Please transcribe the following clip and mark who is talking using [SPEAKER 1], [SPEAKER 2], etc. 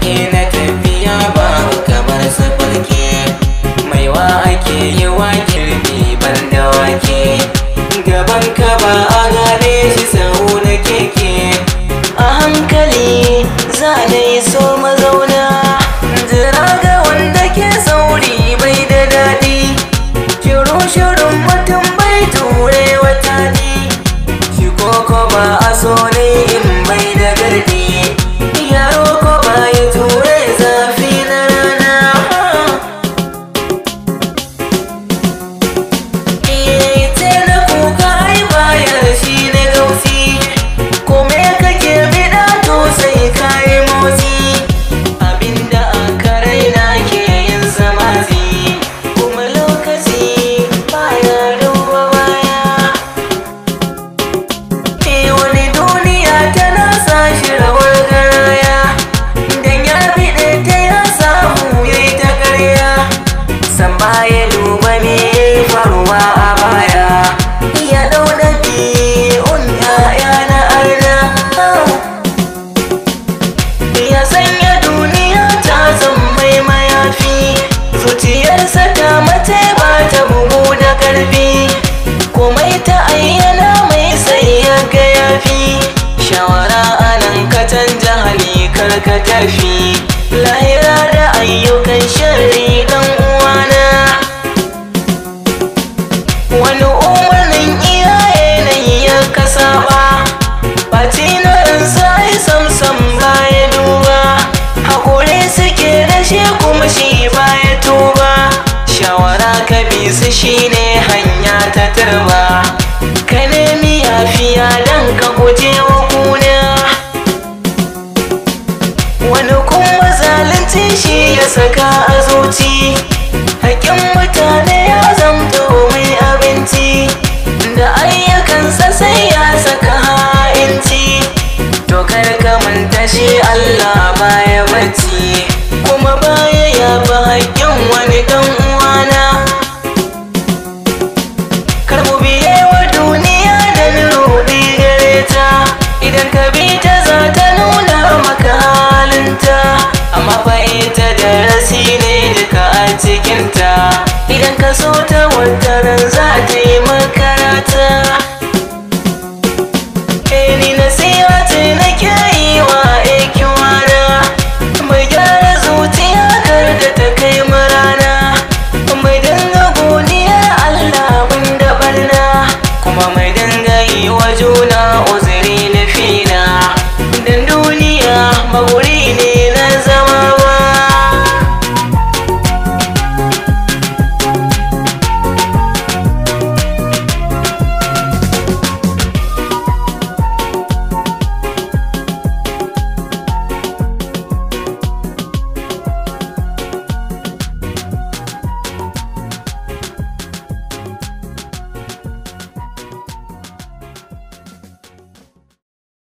[SPEAKER 1] sauƙi na tafiya ba kamar safarki mai wa ake yi wa kirbi ban da wake gaban ka ba a gane shi sau na keke a hankali za da yi so mazauna jira ga wanda ke sauri bai da daɗi shiru shirin ya duba me faruwa a baya ya ɗauɗa biyun ya'ya na arna ya sanya duniya ta zammai mayafi zuciyarsa ta mace bata ta bugu da karfi Kumai ta ayyana mai sayya gayafi. shawara anan ka canja hali kar ka tafi shine hanya ta turba ka nemi yafiya don ka guje wa kuna wani kuma zalunci shi ya saka a zuci hakin mutane ya zamto mai abinci da ayyukansa sai ya saka